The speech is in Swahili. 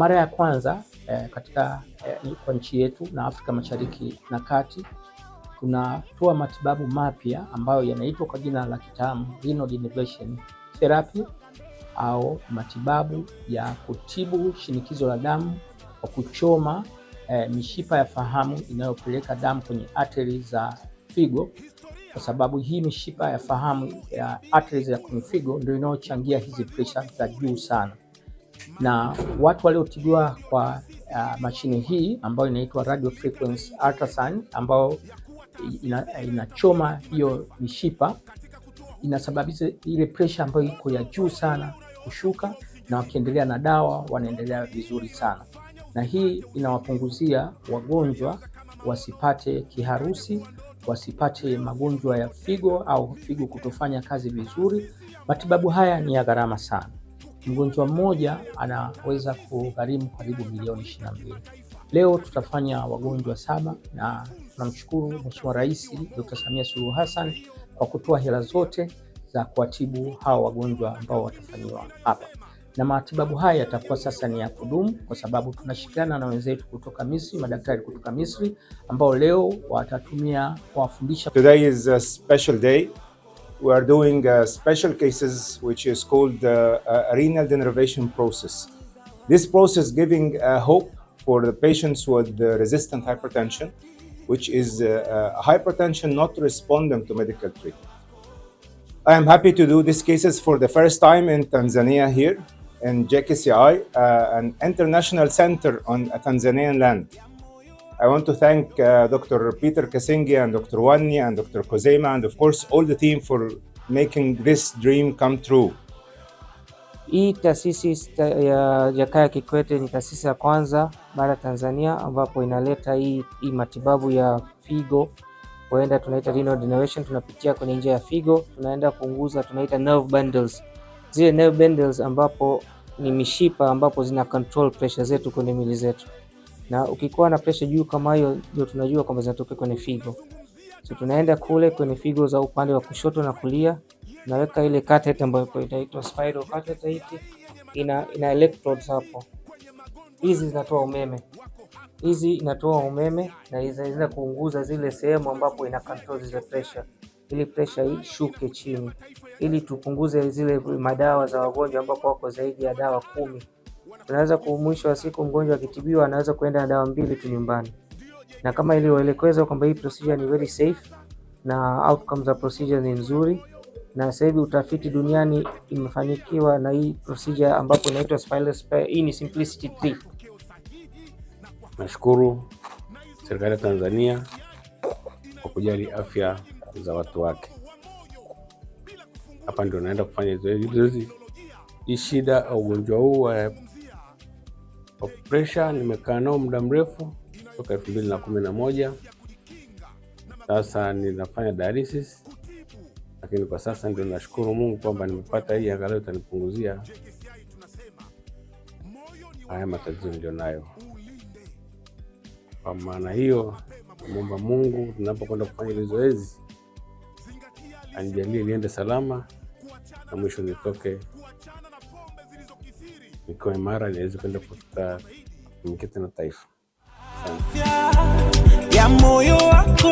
mara ya kwanza eh, katika eh, kwa nchi yetu na Afrika Mashariki na Kati tunatoa matibabu mapya ambayo yanaitwa kwa jina la kitamu renal denervation therapy au matibabu ya kutibu shinikizo la damu kwa kuchoma eh, mishipa ya fahamu inayopeleka damu kwenye ateri za figo, kwa sababu hii mishipa ya fahamu ya ateri ya kwenye figo ndio inayochangia hizi presha za juu sana na watu waliotibiwa kwa uh, mashine hii ambayo inaitwa radio frequency ultrasound ambayo ina, inachoma hiyo mishipa inasababisha ile presha ambayo iko ya juu sana kushuka, na wakiendelea na dawa wanaendelea vizuri sana, na hii inawapunguzia wagonjwa wasipate kiharusi, wasipate magonjwa ya figo au figo kutofanya kazi vizuri. Matibabu haya ni ya gharama sana mgonjwa mmoja anaweza kugharimu karibu milioni ishirini na mbili. Leo tutafanya wagonjwa saba na tunamshukuru Mheshimiwa Rais Dr. Samia Suluhu Hassan kwa kutoa hela zote za kuwatibu hawa wagonjwa ambao watafanyiwa hapa, na matibabu haya yatakuwa sasa ni ya kudumu, kwa sababu tunashirikiana na wenzetu kutoka Misri, madaktari kutoka Misri ambao leo watatumia kuwafundisha. Today is a special day. we are doing uh, special cases, which is called uh, renal denervation process. This process giving uh, hope for the patients with resistant hypertension, which is uh, uh, hypertension not responding to medical treatment. I am happy to do these cases for the first time in Tanzania here in JKCI, uh, an international center on Tanzanian land. I want to thank uh, Dr. Peter Kasingi and Dr. Wanni and Dr. Kozema and of course all the team for making this dream come true. Hii taasisi ya Jakaya Kikwete ni taasisi ya kwanza bara Tanzania ambapo inaleta hii, hii matibabu ya figo huenda tunaita renal denervation, tunapitia kwenye njia ya figo, tunaenda kuunguza, tunaita nerve bundles. Zile nerve bundles ambapo ni mishipa ambapo zina control pressure zetu kwenye mili zetu na ukikuwa na presha juu kama hiyo, ndio tunajua kwamba zinatokea kwenye figo. So tunaenda kule kwenye figo za upande wa kushoto na kulia, naweka ile catheter ambayo inaitwa spiral catheter. Hiki ina, ina electrodes hapo, hizi zinatoa umeme, hizi inatoa umeme na inaweza kuunguza zile sehemu ambapo ina control zile pressure, ili pressure ishuke chini, ili tupunguze zile madawa za wagonjwa ambapo wako zaidi ya dawa kumi unaweza mwisho wa siku mgonjwa akitibiwa anaweza kuenda na dawa mbili tu nyumbani, na kama ilivyoelekezwa kwamba hii procedure ni very safe na outcomes za procedure ni nzuri, na sasa hivi utafiti duniani imefanikiwa na hii procedure ambapo inaitwa spinal sphere. Hii ni Simplicity 3. Nashukuru serikali ya Tanzania kwa kujali afya za watu wake. Hapa ndio naenda kufanya zoezi. Hii shida au ugonjwa huu Of Pressure nimekaa nao muda mrefu toka elfu mbili na kumi na moja. Sasa ninafanya dialysis, lakini kwa sasa ndio nashukuru Mungu kwamba nimepata hii, angalau itanipunguzia haya matatizo nilio nayo. Kwa maana hiyo, namomba Mungu tunapokwenda kufanya hili zoezi anijalie liende salama na mwisho nitoke iko imara liweze kwenda kutumikia tena taifa ya moyo wako